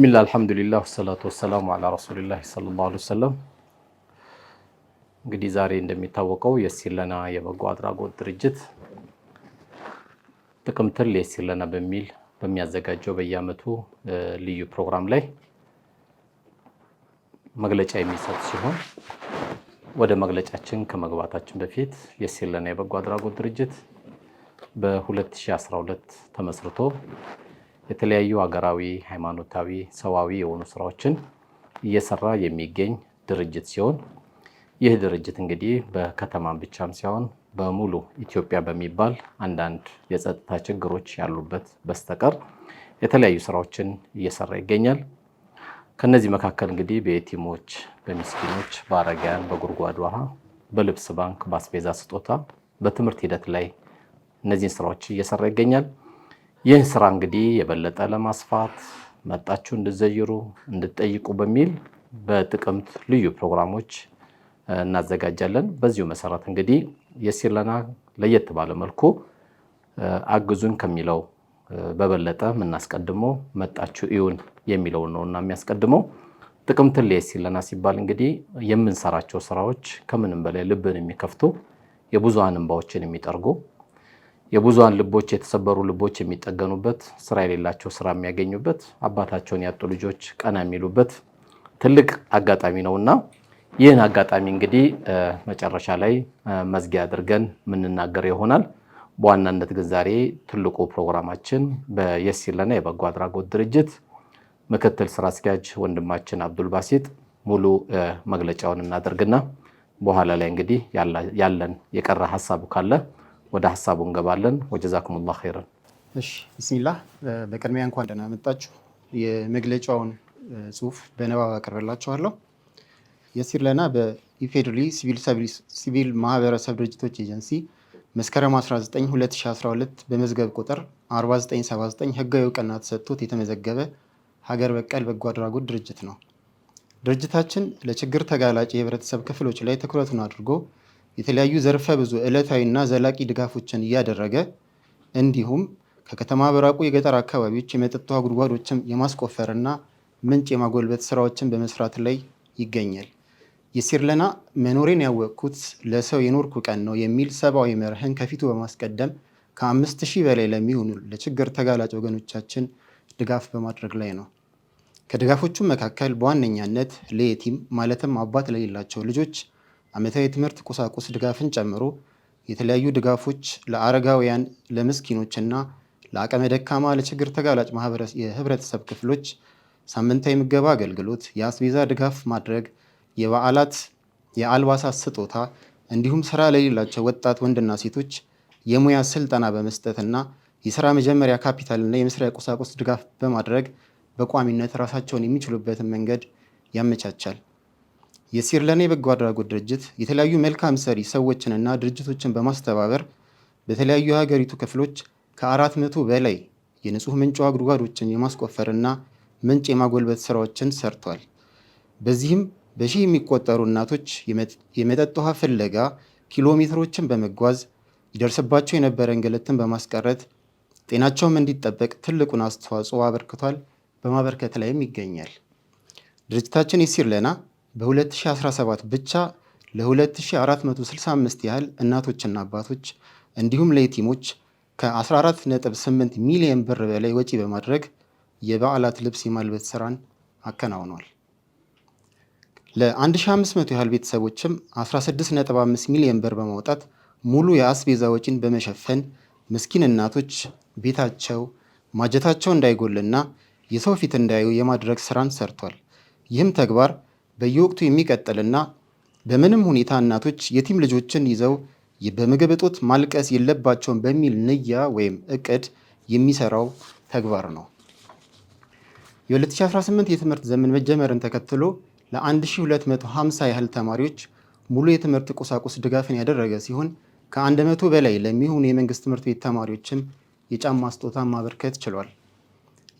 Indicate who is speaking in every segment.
Speaker 1: ብስሚላ አልሐምዱሊላህ ወሰላቱ ወሰላሙ አላ ረሱሊላህ ሰለላሁ ዐለይሂ ወሰለም። እንግዲህ ዛሬ እንደሚታወቀው የሲር የበጎ አድራጎት ድርጅት ጥቅምትን የሲር በሚል በሚያዘጋጀው በየዓመቱ ልዩ ፕሮግራም ላይ መግለጫ የሚሰጥ ሲሆን ወደ መግለጫችን ከመግባታችን በፊት የሲር የበጎ አድራጎት ድርጅት በ2012 ተመስርቶ የተለያዩ ሀገራዊ፣ ሃይማኖታዊ፣ ሰዋዊ የሆኑ ስራዎችን እየሰራ የሚገኝ ድርጅት ሲሆን ይህ ድርጅት እንግዲህ በከተማም ብቻም ሳይሆን በሙሉ ኢትዮጵያ በሚባል አንዳንድ የጸጥታ ችግሮች ያሉበት በስተቀር የተለያዩ ስራዎችን እየሰራ ይገኛል። ከነዚህ መካከል እንግዲህ በየቲሞች፣ በሚስኪኖች፣ በአረጋያን፣ በጉድጓድ ውሃ፣ በልብስ ባንክ፣ በአስቤዛ ስጦታ፣ በትምህርት ሂደት ላይ እነዚህን ስራዎች እየሰራ ይገኛል። ይህን ስራ እንግዲህ የበለጠ ለማስፋት መጣችሁ እንድዘይሩ እንድትጠይቁ በሚል በጥቅምት ልዩ ፕሮግራሞች እናዘጋጃለን። በዚሁ መሰረት እንግዲህ የሲለና ለየት ባለ መልኩ አግዙን ከሚለው በበለጠ የምናስቀድመው መጣችሁ እዩን የሚለው ነው እና የሚያስቀድመው ጥቅምትን ለየሲለና ሲባል እንግዲህ የምንሰራቸው ስራዎች ከምንም በላይ ልብን የሚከፍቱ የብዙሃን እንባዎችን የሚጠርጉ የብዙሃን ልቦች የተሰበሩ ልቦች የሚጠገኑበት ስራ የሌላቸው ስራ የሚያገኙበት አባታቸውን ያጡ ልጆች ቀና የሚሉበት ትልቅ አጋጣሚ እና ይህን አጋጣሚ እንግዲህ መጨረሻ ላይ መዝጊያ አድርገን የምንናገር ይሆናል። በዋናነት ግን ዛሬ ትልቁ ፕሮግራማችን በየሲለና የበጎ አድራጎት ድርጅት ምክትል ስራ አስኪያጅ ወንድማችን አብዱልባሲጥ ሙሉ መግለጫውን እናደርግና በኋላ ላይ እንግዲህ ያለን የቀረ ሀሳብ ካለ ወደ ሀሳቡ እንገባለን። ወጀዛኩሙላ ኸይረን።
Speaker 2: እሺ ቢስሚላህ፣ በቅድሚያ እንኳን ደህና መጣችሁ። የመግለጫውን ጽሁፍ በንባብ አቀርብላችኋለሁ። የሲር ለና በኢፌዴሪ ሲቪል ማህበረሰብ ድርጅቶች ኤጀንሲ መስከረም 19 2012 በመዝገብ ቁጥር 4979 ህጋዊ እውቅና ተሰጥቶት የተመዘገበ ሀገር በቀል በጎ አድራጎት ድርጅት ነው። ድርጅታችን ለችግር ተጋላጭ የህብረተሰብ ክፍሎች ላይ ትኩረቱን አድርጎ የተለያዩ ዘርፈ ብዙ ዕለታዊና ዘላቂ ድጋፎችን እያደረገ እንዲሁም ከከተማ በራቁ የገጠር አካባቢዎች የመጠጥ ውሃ ጉድጓዶችን የማስቆፈርና ምንጭ የማጎልበት ስራዎችን በመስራት ላይ ይገኛል። የሲርለና መኖሬን ያወቅኩት ለሰው የኖርኩ ቀን ነው የሚል ሰብአዊ መርህን ከፊቱ በማስቀደም ከአምስት ሺህ በላይ ለሚሆኑ ለችግር ተጋላጭ ወገኖቻችን ድጋፍ በማድረግ ላይ ነው። ከድጋፎቹም መካከል በዋነኛነት ለየቲም ማለትም አባት ለሌላቸው ልጆች ዓመታዊ ትምህርት ቁሳቁስ ድጋፍን ጨምሮ የተለያዩ ድጋፎች ለአረጋውያን፣ ለምስኪኖችና ለአቅመ ደካማ ለችግር ተጋላጭ የህብረተሰብ ክፍሎች ሳምንታዊ ምገባ አገልግሎት፣ የአስቤዛ ድጋፍ ማድረግ፣ የበዓላት የአልባሳት ስጦታ እንዲሁም ስራ ለሌላቸው ወጣት ወንድና ሴቶች የሙያ ስልጠና በመስጠትና የስራ መጀመሪያ ካፒታልና የመስሪያ ቁሳቁስ ድጋፍ በማድረግ በቋሚነት ራሳቸውን የሚችሉበትን መንገድ ያመቻቻል። የሲርለኔ በጎ አድራጎት ድርጅት የተለያዩ መልካም ሰሪ ሰዎችንና ድርጅቶችን በማስተባበር በተለያዩ የሀገሪቱ ክፍሎች ከአራት መቶ በላይ የንጹህ ምንጭ ጉድጓዶችን የማስቆፈርና ምንጭ የማጎልበት ስራዎችን ሰርቷል። በዚህም በሺህ የሚቆጠሩ እናቶች የመጠጥ ውሃ ፍለጋ ኪሎ ሜትሮችን በመጓዝ ይደርስባቸው የነበረ እንግልትን በማስቀረት ጤናቸውም እንዲጠበቅ ትልቁን አስተዋጽኦ አበርክቷል፣ በማበርከት ላይም ይገኛል። ድርጅታችን የሲርለና በ2017 ብቻ ለ2465 ያህል እናቶችና አባቶች እንዲሁም ለየቲሞች ከ14.8 ሚሊዮን ብር በላይ ወጪ በማድረግ የበዓላት ልብስ የማልበት ስራን አከናውኗል። ለ1500 ያህል ቤተሰቦችም 16.5 ሚሊዮን ብር በማውጣት ሙሉ የአስቤዛ ወጪን በመሸፈን ምስኪን እናቶች ቤታቸው ማጀታቸው እንዳይጎልና የሰው ፊት እንዳያዩ የማድረግ ስራን ሰርቷል። ይህም ተግባር በየወቅቱ የሚቀጥልና በምንም ሁኔታ እናቶች የቲም ልጆችን ይዘው በምግብ እጦት ማልቀስ የለባቸውም በሚል ንያ ወይም እቅድ የሚሰራው ተግባር ነው። የ2018 የትምህርት ዘመን መጀመርን ተከትሎ ለ1250 ያህል ተማሪዎች ሙሉ የትምህርት ቁሳቁስ ድጋፍን ያደረገ ሲሆን ከ100 በላይ ለሚሆኑ የመንግስት ትምህርት ቤት ተማሪዎችም የጫማ ስጦታ ማበርከት ችሏል።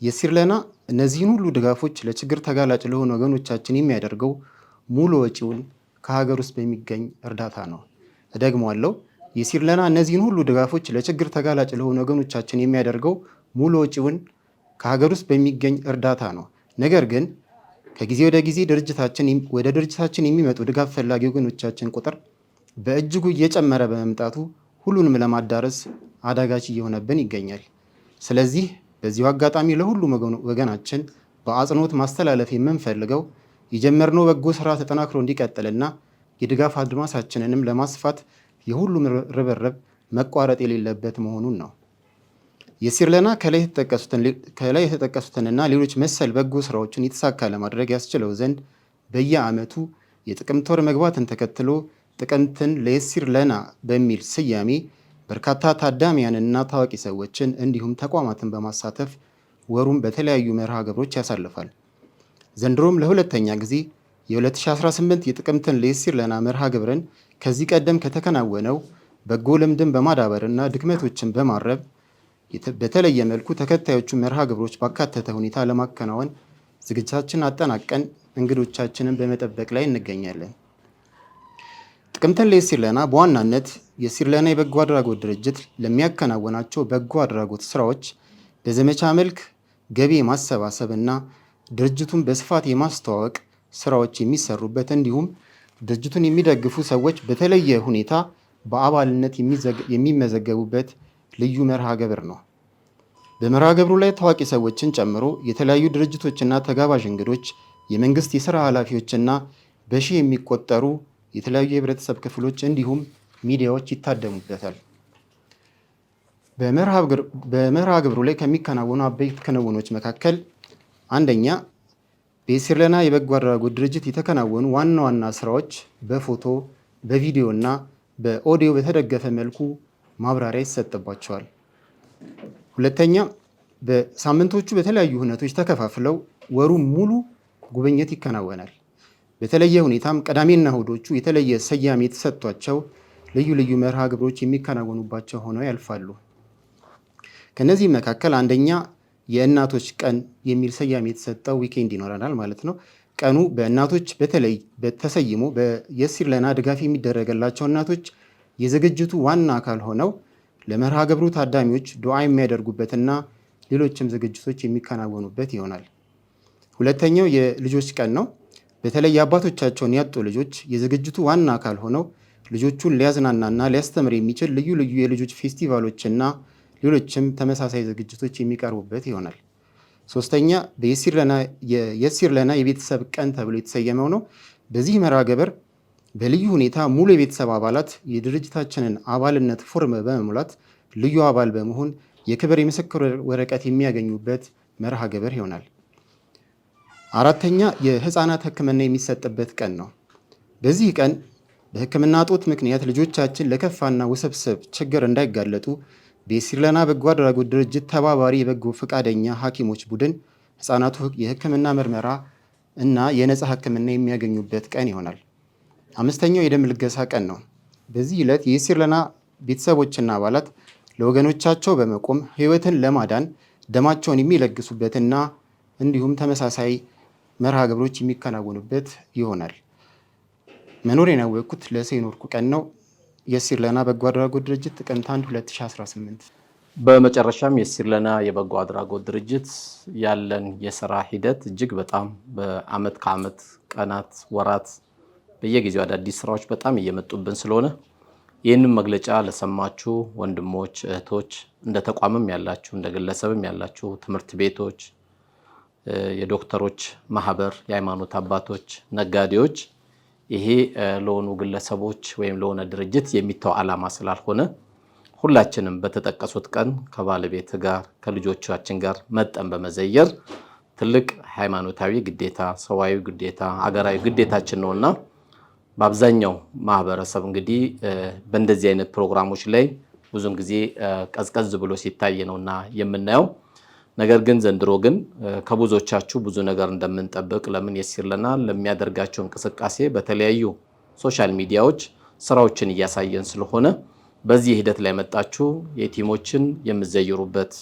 Speaker 2: የሲርለና እነዚህን ሁሉ ድጋፎች ለችግር ተጋላጭ ለሆኑ ወገኖቻችን የሚያደርገው ሙሉ ወጪውን ከሀገር ውስጥ በሚገኝ እርዳታ ነው። እደግመዋለሁ። የሲርለና እነዚህን ሁሉ ድጋፎች ለችግር ተጋላጭ ለሆኑ ወገኖቻችን የሚያደርገው ሙሉ ወጪውን ከሀገር ውስጥ በሚገኝ እርዳታ ነው። ነገር ግን ከጊዜ ወደ ጊዜ ድርጅታችን ወደ ድርጅታችን የሚመጡ ድጋፍ ፈላጊ ወገኖቻችን ቁጥር በእጅጉ እየጨመረ በመምጣቱ ሁሉንም ለማዳረስ አዳጋች እየሆነብን ይገኛል። ስለዚህ በዚሁ አጋጣሚ ለሁሉም ወገናችን በአጽንኦት ማስተላለፍ የምንፈልገው የጀመርነው በጎ ስራ ተጠናክሮ እንዲቀጥልና የድጋፍ አድማሳችንንም ለማስፋት የሁሉም ርብርብ መቋረጥ የሌለበት መሆኑን ነው። የሲርለና ከላይ የተጠቀሱትንና ሌሎች መሰል በጎ ስራዎችን የተሳካ ለማድረግ ያስችለው ዘንድ በየዓመቱ የጥቅምት ወር መግባትን ተከትሎ ጥቅምትን ለየሲርለና በሚል ስያሜ በርካታ ታዳሚያንና ታዋቂ ሰዎችን እንዲሁም ተቋማትን በማሳተፍ ወሩን በተለያዩ መርሃ ግብሮች ያሳልፋል። ዘንድሮም ለሁለተኛ ጊዜ የ2018 የጥቅምትን ሌሲር ለና መርሃ ግብርን ከዚህ ቀደም ከተከናወነው በጎ ልምድን በማዳበርና ድክመቶችን በማረብ በተለየ መልኩ ተከታዮቹ መርሃ ግብሮች ባካተተ ሁኔታ ለማከናወን ዝግጅታችን አጠናቀን እንግዶቻችንን በመጠበቅ ላይ እንገኛለን። ጥቅምትን ሲለና በዋናነት የሲርለና የበጎ አድራጎት ድርጅት ለሚያከናውናቸው በጎ አድራጎት ስራዎች በዘመቻ መልክ ገቢ የማሰባሰብ እና ድርጅቱን በስፋት የማስተዋወቅ ስራዎች የሚሰሩበት እንዲሁም ድርጅቱን የሚደግፉ ሰዎች በተለየ ሁኔታ በአባልነት የሚመዘገቡበት ልዩ መርሃ ግብር ነው። በመርሃ ግብሩ ላይ ታዋቂ ሰዎችን ጨምሮ የተለያዩ ድርጅቶችና ተጋባዥ እንግዶች፣ የመንግስት የስራ ኃላፊዎችና በሺህ የሚቆጠሩ የተለያዩ የህብረተሰብ ክፍሎች እንዲሁም ሚዲያዎች ይታደሙበታል። በመርሃ ግብሩ ላይ ከሚከናወኑ አበይት ክንውኖች መካከል አንደኛ በሲርለና የበጎ አድራጎት ድርጅት የተከናወኑ ዋና ዋና ስራዎች በፎቶ በቪዲዮ እና በኦዲዮ በተደገፈ መልኩ ማብራሪያ ይሰጥባቸዋል። ሁለተኛ በሳምንቶቹ በተለያዩ ሁነቶች ተከፋፍለው ወሩ ሙሉ ጉብኝት ይከናወናል። በተለየ ሁኔታም ቀዳሚና እሁዶቹ የተለየ ስያሜ የተሰጥቷቸው ልዩ ልዩ መርሃ ግብሮች የሚከናወኑባቸው ሆነው ያልፋሉ። ከነዚህም መካከል አንደኛ የእናቶች ቀን የሚል ስያሜ የተሰጠው ዊኬንድ ይኖረናል ማለት ነው። ቀኑ በእናቶች በተለይ ተሰይሞ የሲርለና ድጋፍ የሚደረገላቸው እናቶች የዝግጅቱ ዋና አካል ሆነው ለመርሃ ግብሩ ታዳሚዎች ዱዓ የሚያደርጉበትና ሌሎችም ዝግጅቶች የሚከናወኑበት ይሆናል። ሁለተኛው የልጆች ቀን ነው። በተለይ አባቶቻቸውን ያጡ ልጆች የዝግጅቱ ዋና አካል ሆነው ልጆቹን ሊያዝናናና ሊያስተምር የሚችል ልዩ ልዩ የልጆች ፌስቲቫሎችና ሌሎችም ተመሳሳይ ዝግጅቶች የሚቀርቡበት ይሆናል። ሶስተኛ የሲር ለና የቤተሰብ ቀን ተብሎ የተሰየመው ነው። በዚህ መርሃ ግብር በልዩ ሁኔታ ሙሉ የቤተሰብ አባላት የድርጅታችንን አባልነት ፎርም በመሙላት ልዩ አባል በመሆን የክብር የምስክር ወረቀት የሚያገኙበት መርሃ ግብር ይሆናል። አራተኛ የህፃናት ህክምና የሚሰጥበት ቀን ነው። በዚህ ቀን በህክምና እጦት ምክንያት ልጆቻችን ለከፋና ውስብስብ ችግር እንዳይጋለጡ በሲርለና በጎ አድራጎት ድርጅት ተባባሪ የበጎ ፈቃደኛ ሐኪሞች ቡድን ህፃናቱ የህክምና ምርመራ እና የነፃ ህክምና የሚያገኙበት ቀን ይሆናል። አምስተኛው የደም ልገሳ ቀን ነው። በዚህ ዕለት የሲርለና ቤተሰቦችና አባላት ለወገኖቻቸው በመቆም ህይወትን ለማዳን ደማቸውን የሚለግሱበትና እንዲሁም ተመሳሳይ መርሃ ግብሮች የሚከናወኑበት ይሆናል። መኖሬን ያወቅኩት ለሰው ቀን ነው። የሲርለና በጎ አድራጎት ድርጅት ጥቅምት 1 2018። በመጨረሻም የሲርለና የበጎ አድራጎት ድርጅት ያለን የስራ ሂደት እጅግ በጣም በአመት ከአመት ቀናት፣ ወራት በየጊዜው አዳዲስ ስራዎች በጣም እየመጡብን ስለሆነ ይህንም መግለጫ ለሰማችሁ ወንድሞች፣ እህቶች እንደ ተቋምም ያላችሁ እንደ ግለሰብም ያላችሁ ትምህርት ቤቶች የዶክተሮች ማህበር፣ የሃይማኖት አባቶች፣ ነጋዴዎች ይሄ ለሆኑ ግለሰቦች ወይም ለሆነ ድርጅት የሚተው ዓላማ ስላልሆነ ሁላችንም በተጠቀሱት ቀን ከባለቤት ጋር ከልጆቻችን ጋር መጠን በመዘየር ትልቅ ሃይማኖታዊ ግዴታ፣ ሰዋዊ ግዴታ፣ አገራዊ ግዴታችን እና በአብዛኛው ማህበረሰብ እንግዲህ በእንደዚህ አይነት ፕሮግራሞች ላይ ብዙን ጊዜ ቀዝቀዝ ብሎ ሲታይ እና የምናየው። ነገር ግን ዘንድሮ ግን ከብዙዎቻችሁ ብዙ ነገር እንደምንጠብቅ ለምን የሲርለና ለሚያደርጋቸው እንቅስቃሴ በተለያዩ ሶሻል ሚዲያዎች ስራዎችን እያሳየን ስለሆነ በዚህ ሂደት ላይ መጣችሁ የቲሞችን የምዘይሩበት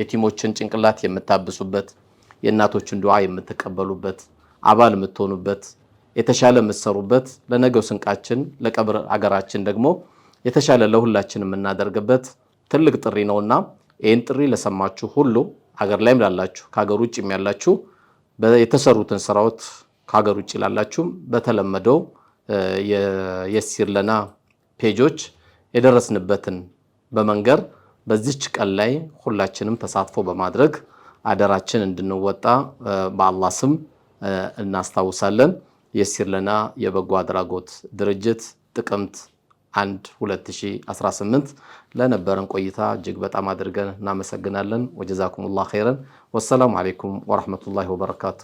Speaker 2: የቲሞችን ጭንቅላት የምታብሱበት የእናቶችን ድዋ የምትቀበሉበት አባል የምትሆኑበት የተሻለ የምትሰሩበት ለነገው ስንቃችን ለቀብር አገራችን ደግሞ የተሻለ ለሁላችን የምናደርግበት ትልቅ ጥሪ ነውና ይህን ጥሪ ለሰማችሁ ሁሉ ሀገር ላይም ላላችሁ ከሀገር ውጭም ያላችሁ የተሰሩትን ስራዎት ከሀገር ውጭ ላላችሁም በተለመደው የየሲር ለና ፔጆች የደረስንበትን በመንገር በዚች ቀን ላይ ሁላችንም ተሳትፎ በማድረግ አደራችን እንድንወጣ በአላህ ስም እናስታውሳለን። የሲር ለና የበጎ አድራጎት ድርጅት ጥቅምት አንድ 2018 ለነበረን ቆይታ እጅግ በጣም አድርገን እናመሰግናለን። ወጀዛኩሙላህ ኸይረን። ወሰላሙ አሌይኩም ወረሕመቱላሂ ወበረካቱ።